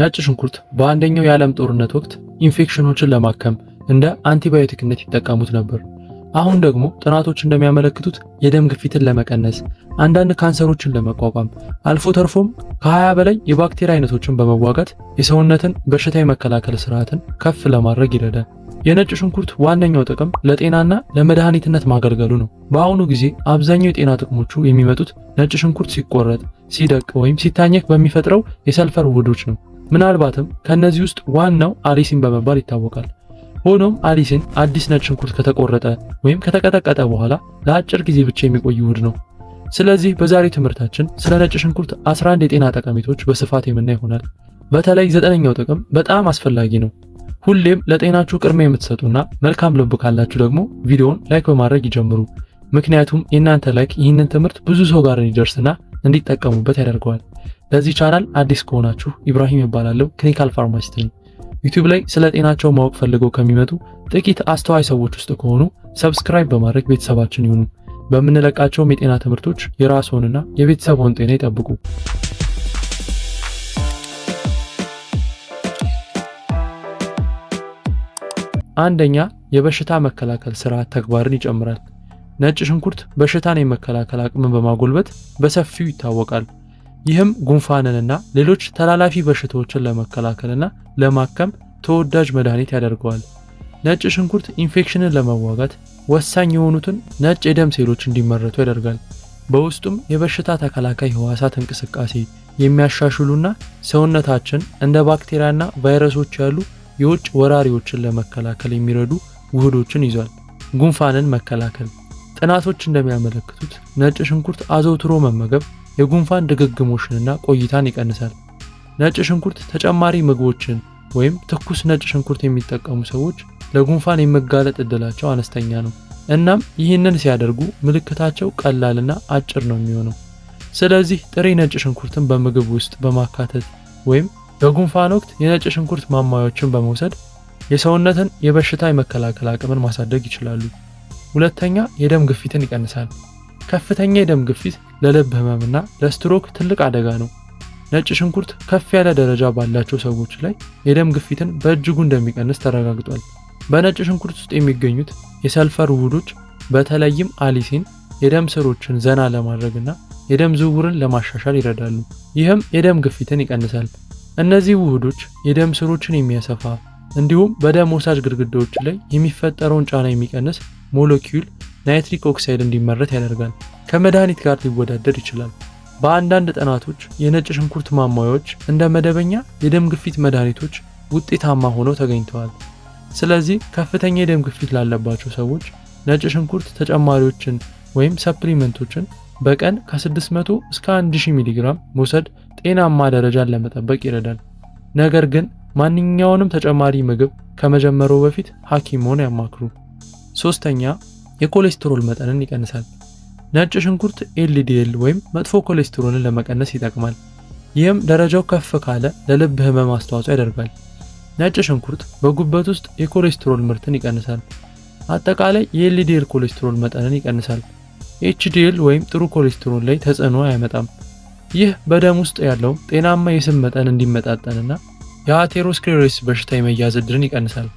ነጭ ሽንኩርት በአንደኛው የዓለም ጦርነት ወቅት ኢንፌክሽኖችን ለማከም እንደ አንቲባዮቲክነት ይጠቀሙት ነበር። አሁን ደግሞ ጥናቶች እንደሚያመለክቱት የደም ግፊትን ለመቀነስ፣ አንዳንድ ካንሰሮችን ለመቋቋም አልፎ ተርፎም ከ20 በላይ የባክቴሪያ አይነቶችን በመዋጋት የሰውነትን በሽታ የመከላከል ስርዓትን ከፍ ለማድረግ ይረዳል። የነጭ ሽንኩርት ዋነኛው ጥቅም ለጤናና ለመድኃኒትነት ማገልገሉ ነው። በአሁኑ ጊዜ አብዛኛው የጤና ጥቅሞቹ የሚመጡት ነጭ ሽንኩርት ሲቆረጥ፣ ሲደቅ ወይም ሲታኘክ በሚፈጥረው የሰልፈር ውህዶች ነው። ምናልባትም ከእነዚህ ውስጥ ዋናው አሊሲን በመባል ይታወቃል። ሆኖም አሊሲን አዲስ ነጭ ሽንኩርት ከተቆረጠ ወይም ከተቀጠቀጠ በኋላ ለአጭር ጊዜ ብቻ የሚቆይ ውህድ ነው። ስለዚህ በዛሬ ትምህርታችን ስለ ነጭ ሽንኩርት 11 የጤና ጠቀሜቶች በስፋት የምናይ ይሆናል። በተለይ ዘጠነኛው ጥቅም በጣም አስፈላጊ ነው። ሁሌም ለጤናችሁ ቅድሚያ የምትሰጡና መልካም ልብ ካላችሁ ደግሞ ቪዲዮውን ላይክ በማድረግ ይጀምሩ። ምክንያቱም የእናንተ ላይክ ይህንን ትምህርት ብዙ ሰው ጋር እንዲደርስና እንዲጠቀሙበት ያደርገዋል። ለዚህ ቻናል አዲስ ከሆናችሁ ኢብራሂም ይባላለሁ፣ ክሊኒካል ፋርማሲስት ነኝ። ዩቲዩብ ላይ ስለ ጤናቸው ማወቅ ፈልገው ከሚመጡ ጥቂት አስተዋይ ሰዎች ውስጥ ከሆኑ ሰብስክራይብ በማድረግ ቤተሰባችን ይሁኑ። በምንለቃቸውም የጤና ትምህርቶች የራስዎንና የቤተሰብዎን ጤና ይጠብቁ። አንደኛ የበሽታ መከላከል ስርዓት ተግባርን ይጨምራል። ነጭ ሽንኩርት በሽታን የመከላከል አቅምን በማጎልበት በሰፊው ይታወቃል። ይህም ጉንፋንንና ሌሎች ተላላፊ በሽታዎችን ለመከላከልና ለማከም ተወዳጅ መድኃኒት ያደርገዋል። ነጭ ሽንኩርት ኢንፌክሽንን ለመዋጋት ወሳኝ የሆኑትን ነጭ የደም ሴሎች እንዲመረቱ ያደርጋል። በውስጡም የበሽታ ተከላካይ ህዋሳት እንቅስቃሴ የሚያሻሽሉና ሰውነታችን እንደ ባክቴሪያና ቫይረሶች ያሉ የውጭ ወራሪዎችን ለመከላከል የሚረዱ ውህዶችን ይዟል። ጉንፋንን መከላከል ጥናቶች እንደሚያመለክቱት ነጭ ሽንኩርት አዘውትሮ መመገብ የጉንፋን ድግግሞሽንና ቆይታን ይቀንሳል። ነጭ ሽንኩርት ተጨማሪ ምግቦችን ወይም ትኩስ ነጭ ሽንኩርት የሚጠቀሙ ሰዎች ለጉንፋን የመጋለጥ እድላቸው አነስተኛ ነው። እናም ይህንን ሲያደርጉ ምልክታቸው ቀላልና አጭር ነው የሚሆነው። ስለዚህ ጥሬ ነጭ ሽንኩርትን በምግብ ውስጥ በማካተት ወይም በጉንፋን ወቅት የነጭ ሽንኩርት ማሟያዎችን በመውሰድ የሰውነትን የበሽታ የመከላከል አቅምን ማሳደግ ይችላሉ። ሁለተኛ የደም ግፊትን ይቀንሳል። ከፍተኛ የደም ግፊት ለልብ ህመምና ለስትሮክ ትልቅ አደጋ ነው። ነጭ ሽንኩርት ከፍ ያለ ደረጃ ባላቸው ሰዎች ላይ የደም ግፊትን በእጅጉ እንደሚቀንስ ተረጋግጧል። በነጭ ሽንኩርት ውስጥ የሚገኙት የሰልፈር ውህዶች በተለይም አሊሲን የደም ስሮችን ዘና ለማድረግና የደም ዝውውርን ለማሻሻል ይረዳሉ። ይህም የደም ግፊትን ይቀንሳል። እነዚህ ውህዶች የደም ስሮችን የሚያሰፋ እንዲሁም በደም ወሳጅ ግድግዳዎች ላይ የሚፈጠረውን ጫና የሚቀንስ ሞለኪውል ናይትሪክ ኦክሳይድ እንዲመረት ያደርጋል። ከመድኃኒት ጋር ሊወዳደር ይችላል። በአንዳንድ ጥናቶች የነጭ ሽንኩርት ማሟያዎች እንደ መደበኛ የደም ግፊት መድኃኒቶች ውጤታማ ሆነው ተገኝተዋል። ስለዚህ ከፍተኛ የደም ግፊት ላለባቸው ሰዎች ነጭ ሽንኩርት ተጨማሪዎችን ወይም ሰፕሊመንቶችን በቀን ከ600 እስከ 1000 ሚሊግራም መውሰድ ጤናማ ደረጃን ለመጠበቅ ይረዳል። ነገር ግን ማንኛውንም ተጨማሪ ምግብ ከመጀመሩ በፊት ሐኪሞን ያማክሩ። ሶስተኛ የኮሌስትሮል መጠንን ይቀንሳል። ነጭ ሽንኩርት ኤልዲኤል ወይም መጥፎ ኮሌስትሮልን ለመቀነስ ይጠቅማል። ይህም ደረጃው ከፍ ካለ ለልብ ህመም አስተዋጽኦ ያደርጋል። ነጭ ሽንኩርት በጉበት ውስጥ የኮሌስትሮል ምርትን ይቀንሳል። አጠቃላይ የኤልዲኤል ኮሌስትሮል መጠንን ይቀንሳል። ኤችዲኤል ወይም ጥሩ ኮሌስትሮል ላይ ተጽዕኖ አያመጣም። ይህ በደም ውስጥ ያለው ጤናማ የስብ መጠን እንዲመጣጠንና የአቴሮስክሌሮሲስ በሽታ የመያዝ እድልን ይቀንሳል።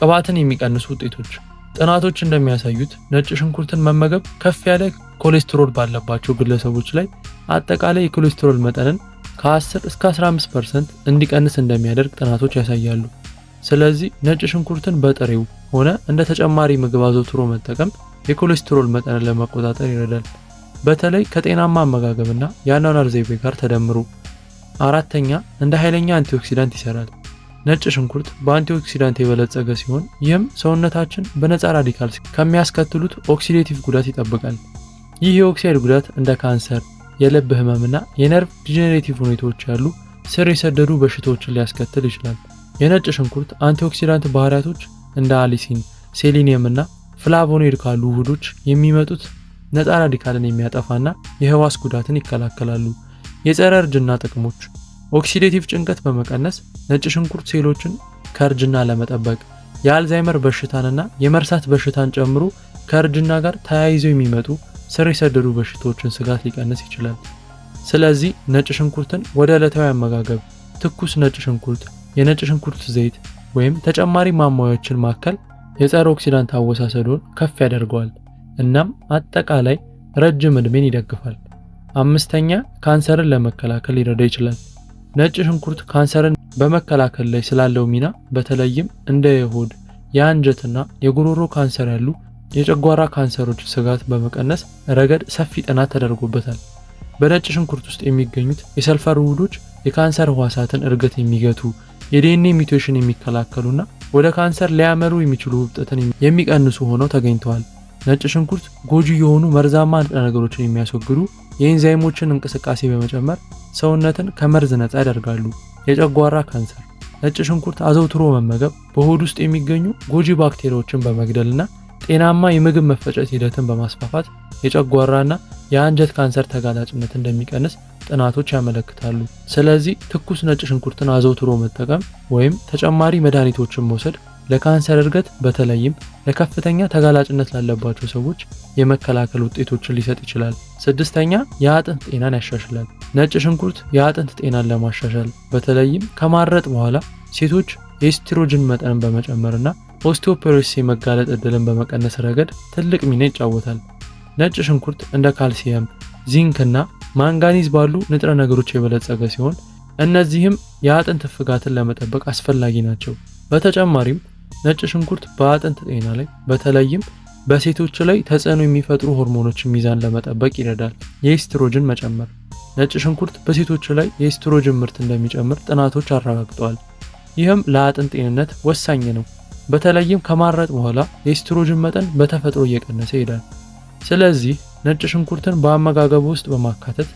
ቅባትን የሚቀንሱ ውጤቶች ጥናቶች እንደሚያሳዩት ነጭ ሽንኩርትን መመገብ ከፍ ያለ ኮሌስትሮል ባለባቸው ግለሰቦች ላይ አጠቃላይ የኮሌስትሮል መጠንን ከ10 እስከ 15 ፐርሰንት እንዲቀንስ እንደሚያደርግ ጥናቶች ያሳያሉ። ስለዚህ ነጭ ሽንኩርትን በጥሬው ሆነ እንደ ተጨማሪ ምግብ አዘውትሮ መጠቀም የኮሌስትሮል መጠንን ለመቆጣጠር ይረዳል፣ በተለይ ከጤናማ አመጋገብና የአኗኗር ዘይቤ ጋር ተደምሮ። አራተኛ እንደ ኃይለኛ አንቲኦክሲዳንት ይሰራል። ነጭ ሽንኩርት በአንቲኦክሲዳንት የበለጸገ ሲሆን ይህም ሰውነታችን በነፃ ራዲካል ከሚያስከትሉት ኦክሲዴቲቭ ጉዳት ይጠብቃል። ይህ የኦክሳይድ ጉዳት እንደ ካንሰር፣ የልብ ህመምና የነርቭ ዲጀኔሬቲቭ ሁኔታዎች ያሉ ስር የሰደዱ በሽታዎችን ሊያስከትል ይችላል። የነጭ ሽንኩርት አንቲኦክሲዳንት ባህሪያቶች እንደ አሊሲን፣ ሴሊኒየም እና ፍላቮኔድ ካሉ ውህዶች የሚመጡት ነፃ ራዲካልን የሚያጠፋና የህዋስ ጉዳትን ይከላከላሉ። የጸረ እርጅና ጥቅሞች ኦክሲዴቲቭ ጭንቀት በመቀነስ ነጭ ሽንኩርት ሴሎችን ከእርጅና ለመጠበቅ የአልዛይመር በሽታንና የመርሳት በሽታን ጨምሮ ከእርጅና ጋር ተያይዘው የሚመጡ ስር የሰደዱ በሽታዎችን ስጋት ሊቀንስ ይችላል። ስለዚህ ነጭ ሽንኩርትን ወደ ዕለታዊ አመጋገብ ትኩስ ነጭ ሽንኩርት፣ የነጭ ሽንኩርት ዘይት ወይም ተጨማሪ ማሟያዎችን ማከል የጸረ ኦክሲዳንት አወሳሰዱን ከፍ ያደርገዋል እናም አጠቃላይ ረጅም ዕድሜን ይደግፋል። አምስተኛ ካንሰርን ለመከላከል ሊረዳ ይችላል። ነጭ ሽንኩርት ካንሰርን በመከላከል ላይ ስላለው ሚና በተለይም እንደ የሆድ የአንጀትና የጉሮሮ ካንሰር ያሉ የጨጓራ ካንሰሮች ስጋት በመቀነስ ረገድ ሰፊ ጥናት ተደርጎበታል። በነጭ ሽንኩርት ውስጥ የሚገኙት የሰልፈር ውህዶች የካንሰር ህዋሳትን እድገት የሚገቱ የዲኤንኤ ሚውቴሽን የሚከላከሉና ወደ ካንሰር ሊያመሩ የሚችሉ ውብጠትን የሚቀንሱ ሆነው ተገኝተዋል። ነጭ ሽንኩርት ጎጂ የሆኑ መርዛማ ንጥረ ነገሮችን የሚያስወግዱ የኤንዛይሞችን እንቅስቃሴ በመጨመር ሰውነትን ከመርዝ ነፃ ያደርጋሉ። የጨጓራ ካንሰር፣ ነጭ ሽንኩርት አዘውትሮ መመገብ በሆድ ውስጥ የሚገኙ ጎጂ ባክቴሪያዎችን በመግደልና ጤናማ የምግብ መፈጨት ሂደትን በማስፋፋት የጨጓራና የአንጀት ካንሰር ተጋላጭነት እንደሚቀንስ ጥናቶች ያመለክታሉ። ስለዚህ ትኩስ ነጭ ሽንኩርትን አዘውትሮ መጠቀም ወይም ተጨማሪ መድኃኒቶችን መውሰድ ለካንሰር እድገት በተለይም ለከፍተኛ ተጋላጭነት ላለባቸው ሰዎች የመከላከል ውጤቶችን ሊሰጥ ይችላል። ስድስተኛ የአጥንት ጤናን ያሻሽላል። ነጭ ሽንኩርት የአጥንት ጤናን ለማሻሻል በተለይም ከማረጥ በኋላ ሴቶች የኤስትሮጅን መጠንን በመጨመርና ኦስቲዮፖሮሲስ የመጋለጥ እድልን በመቀነስ ረገድ ትልቅ ሚና ይጫወታል። ነጭ ሽንኩርት እንደ ካልሲየም፣ ዚንክ እና ማንጋኒዝ ባሉ ንጥረ ነገሮች የበለጸገ ሲሆን እነዚህም የአጥንት ፍጋትን ለመጠበቅ አስፈላጊ ናቸው። በተጨማሪም ነጭ ሽንኩርት በአጥንት ጤና ላይ በተለይም በሴቶች ላይ ተጽዕኖ የሚፈጥሩ ሆርሞኖችን ሚዛን ለመጠበቅ ይረዳል። የኤስትሮጅን መጨመር ነጭ ሽንኩርት በሴቶች ላይ የኤስትሮጅን ምርት እንደሚጨምር ጥናቶች አረጋግጠዋል። ይህም ለአጥንት ጤንነት ወሳኝ ነው። በተለይም ከማረጥ በኋላ የኤስትሮጅን መጠን በተፈጥሮ እየቀነሰ ይሄዳል። ስለዚህ ነጭ ሽንኩርትን በአመጋገብ ውስጥ በማካተት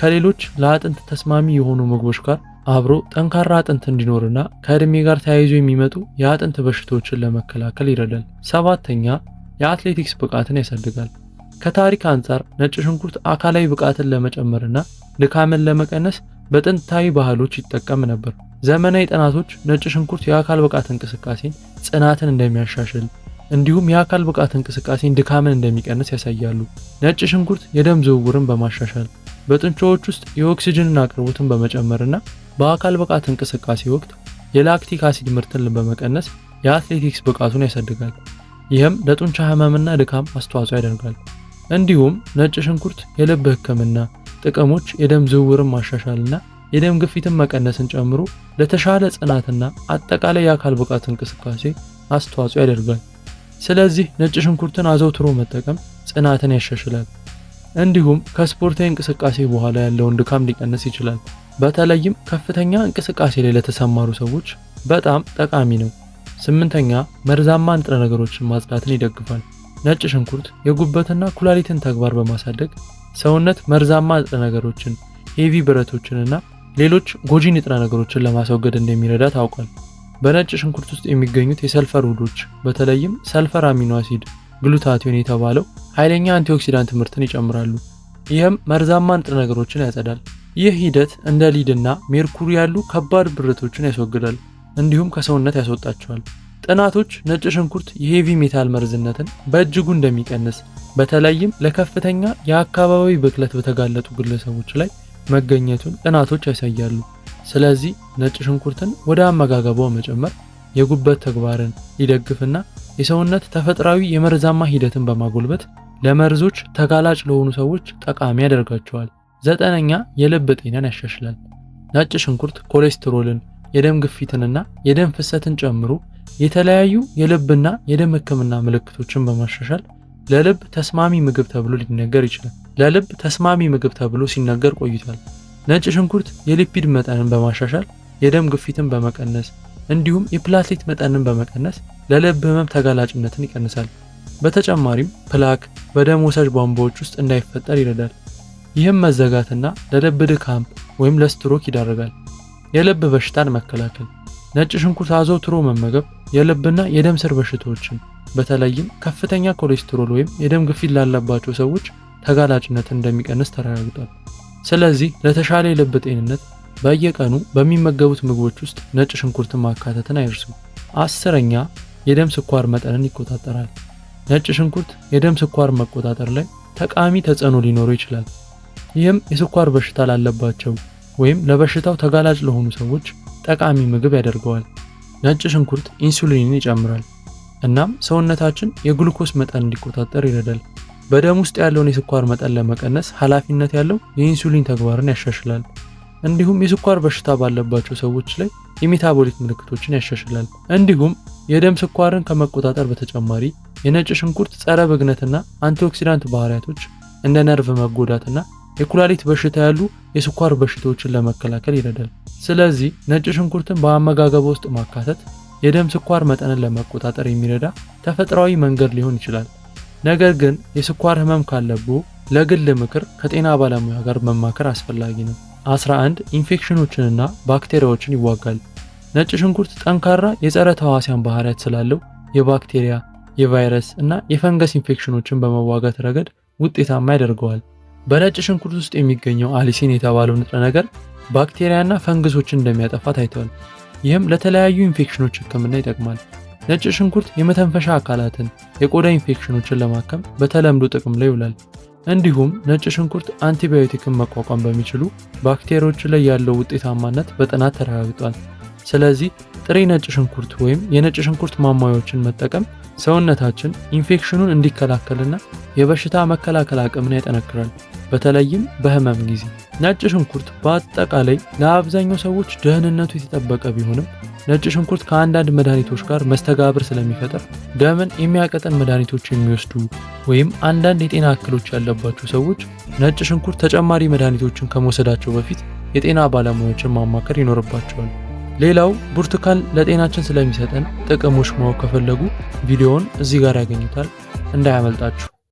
ከሌሎች ለአጥንት ተስማሚ የሆኑ ምግቦች ጋር አብሮ ጠንካራ አጥንት እንዲኖርና ከእድሜ ጋር ተያይዞ የሚመጡ የአጥንት በሽታዎችን ለመከላከል ይረዳል። ሰባተኛ የአትሌቲክስ ብቃትን ያሳድጋል። ከታሪክ አንጻር ነጭ ሽንኩርት አካላዊ ብቃትን ለመጨመርና ድካምን ለመቀነስ በጥንታዊ ባህሎች ይጠቀም ነበር። ዘመናዊ ጥናቶች ነጭ ሽንኩርት የአካል ብቃት እንቅስቃሴን ጽናትን እንደሚያሻሽል እንዲሁም የአካል ብቃት እንቅስቃሴን ድካምን እንደሚቀንስ ያሳያሉ። ነጭ ሽንኩርት የደም ዝውውርን በማሻሻል በጡንቻዎች ውስጥ የኦክሲጅንን አቅርቦትን በመጨመርና በአካል ብቃት እንቅስቃሴ ወቅት የላክቲክ አሲድ ምርትን በመቀነስ የአትሌቲክስ ብቃቱን ያሳድጋል። ይህም ለጡንቻ ህመምና ድካም አስተዋጽኦ ያደርጋል። እንዲሁም ነጭ ሽንኩርት የልብ ህክምና ጥቅሞች የደም ዝውውርን ማሻሻልና የደም ግፊትን መቀነስን ጨምሮ ለተሻለ ጽናትና አጠቃላይ የአካል ብቃት እንቅስቃሴ አስተዋጽኦ ያደርጋል። ስለዚህ ነጭ ሽንኩርትን አዘውትሮ መጠቀም ጽናትን ያሻሽላል። እንዲሁም ከስፖርታዊ እንቅስቃሴ በኋላ ያለውን ድካም ሊቀንስ ይችላል። በተለይም ከፍተኛ እንቅስቃሴ ላይ ለተሰማሩ ሰዎች በጣም ጠቃሚ ነው። ስምንተኛ መርዛማ ንጥረ ነገሮችን ማጽዳትን ይደግፋል። ነጭ ሽንኩርት የጉበትና ኩላሊትን ተግባር በማሳደግ ሰውነት መርዛማ ንጥረ ነገሮችን፣ ሄቪ ብረቶችንና ሌሎች ጎጂ ንጥረ ነገሮችን ለማስወገድ እንደሚረዳ ታውቋል። በነጭ ሽንኩርት ውስጥ የሚገኙት የሰልፈር ውህዶች በተለይም ሰልፈር አሚኖ አሲድ ግሉታቲዮን የተባለው ኃይለኛ አንቲኦክሲዳንት ምርትን ይጨምራሉ። ይህም መርዛማ ንጥረ ነገሮችን ያጸዳል። ይህ ሂደት እንደ ሊድና ሜርኩሪ ያሉ ከባድ ብረቶችን ያስወግዳል፣ እንዲሁም ከሰውነት ያስወጣቸዋል። ጥናቶች ነጭ ሽንኩርት የሄቪ ሜታል መርዝነትን በእጅጉ እንደሚቀንስ በተለይም ለከፍተኛ የአካባቢ ብክለት በተጋለጡ ግለሰቦች ላይ መገኘቱን ጥናቶች ያሳያሉ። ስለዚህ ነጭ ሽንኩርትን ወደ አመጋገባው መጨመር የጉበት ተግባርን ሊደግፍና የሰውነት ተፈጥሯዊ የመርዛማ ሂደትን በማጎልበት ለመርዞች ተጋላጭ ለሆኑ ሰዎች ጠቃሚ ያደርጋቸዋል። ዘጠነኛ የልብ ጤናን ያሻሽላል። ነጭ ሽንኩርት ኮሌስትሮልን፣ የደም ግፊትንና የደም ፍሰትን ጨምሮ የተለያዩ የልብና የደም ሕክምና ምልክቶችን በማሻሻል ለልብ ተስማሚ ምግብ ተብሎ ሊነገር ይችላል። ለልብ ተስማሚ ምግብ ተብሎ ሲነገር ቆይቷል። ነጭ ሽንኩርት የሊፒድ መጠንን በማሻሻል የደም ግፊትን በመቀነስ እንዲሁም የፕላትሌት መጠንን በመቀነስ ለልብ ህመም ተጋላጭነትን ይቀንሳል። በተጨማሪም ፕላክ በደም ወሳጅ ቧንቧዎች ውስጥ እንዳይፈጠር ይረዳል። ይህም መዘጋትና ለልብ ድካም ወይም ለስትሮክ ይዳርጋል። የልብ በሽታን መከላከል ነጭ ሽንኩርት አዘውትሮ መመገብ የልብና የደም ስር በሽታዎችን በተለይም ከፍተኛ ኮሌስትሮል ወይም የደም ግፊት ላለባቸው ሰዎች ተጋላጭነትን እንደሚቀንስ ተረጋግጧል። ስለዚህ ለተሻለ የልብ ጤንነት በየቀኑ በሚመገቡት ምግቦች ውስጥ ነጭ ሽንኩርትን ማካተትን አይርሱ። አስረኛ የደም ስኳር መጠንን ይቆጣጠራል። ነጭ ሽንኩርት የደም ስኳር መቆጣጠር ላይ ጠቃሚ ተጽዕኖ ሊኖረው ይችላል። ይህም የስኳር በሽታ ላለባቸው ወይም ለበሽታው ተጋላጭ ለሆኑ ሰዎች ጠቃሚ ምግብ ያደርገዋል። ነጭ ሽንኩርት ኢንሱሊንን ይጨምራል፣ እናም ሰውነታችን የግሉኮስ መጠን እንዲቆጣጠር ይረዳል። በደም ውስጥ ያለውን የስኳር መጠን ለመቀነስ ኃላፊነት ያለው የኢንሱሊን ተግባርን ያሻሽላል። እንዲሁም የስኳር በሽታ ባለባቸው ሰዎች ላይ የሜታቦሊክ ምልክቶችን ያሻሽላል። እንዲሁም የደም ስኳርን ከመቆጣጠር በተጨማሪ የነጭ ሽንኩርት ጸረ ብግነትና አንቲኦክሲዳንት ባህሪያቶች እንደ ነርቭ መጎዳትና የኩላሊት በሽታ ያሉ የስኳር በሽታዎችን ለመከላከል ይረዳል። ስለዚህ ነጭ ሽንኩርትን በአመጋገብ ውስጥ ማካተት የደም ስኳር መጠንን ለመቆጣጠር የሚረዳ ተፈጥሯዊ መንገድ ሊሆን ይችላል። ነገር ግን የስኳር ህመም ካለቡ ለግል ምክር ከጤና ባለሙያ ጋር መማከር አስፈላጊ ነው። 11 ኢንፌክሽኖችንና ባክቴሪያዎችን ይዋጋል። ነጭ ሽንኩርት ጠንካራ የጸረ ተዋሲያን ባህሪያት ስላለው የባክቴሪያ፣ የቫይረስ እና የፈንገስ ኢንፌክሽኖችን በመዋጋት ረገድ ውጤታማ ያደርገዋል። በነጭ ሽንኩርት ውስጥ የሚገኘው አሊሲን የተባለው ንጥረ ነገር ባክቴሪያና ፈንግሶችን እንደሚያጠፋ ታይተዋል። ይህም ለተለያዩ ኢንፌክሽኖች ሕክምና ይጠቅማል። ነጭ ሽንኩርት የመተንፈሻ አካላትን፣ የቆዳ ኢንፌክሽኖችን ለማከም በተለምዶ ጥቅም ላይ ይውላል። እንዲሁም ነጭ ሽንኩርት አንቲባዮቲክን መቋቋም በሚችሉ ባክቴሪያዎች ላይ ያለው ውጤታማነት በጥናት ተረጋግጧል። ስለዚህ ጥሬ ነጭ ሽንኩርት ወይም የነጭ ሽንኩርት ማሟያዎችን መጠቀም ሰውነታችን ኢንፌክሽኑን እንዲከላከልና የበሽታ መከላከል አቅምን ያጠነክራል። በተለይም በህመም ጊዜ። ነጭ ሽንኩርት በአጠቃላይ ለአብዛኛው ሰዎች ደህንነቱ የተጠበቀ ቢሆንም ነጭ ሽንኩርት ከአንዳንድ መድኃኒቶች ጋር መስተጋብር ስለሚፈጥር ደምን የሚያቀጠን መድኃኒቶች የሚወስዱ ወይም አንዳንድ የጤና እክሎች ያለባቸው ሰዎች ነጭ ሽንኩርት ተጨማሪ መድኃኒቶችን ከመውሰዳቸው በፊት የጤና ባለሙያዎችን ማማከር ይኖርባቸዋል። ሌላው ብርቱካን ለጤናችን ስለሚሰጠን ጥቅሞች ማወቅ ከፈለጉ ቪዲዮውን እዚህ ጋር ያገኙታል፣ እንዳያመልጣችሁ።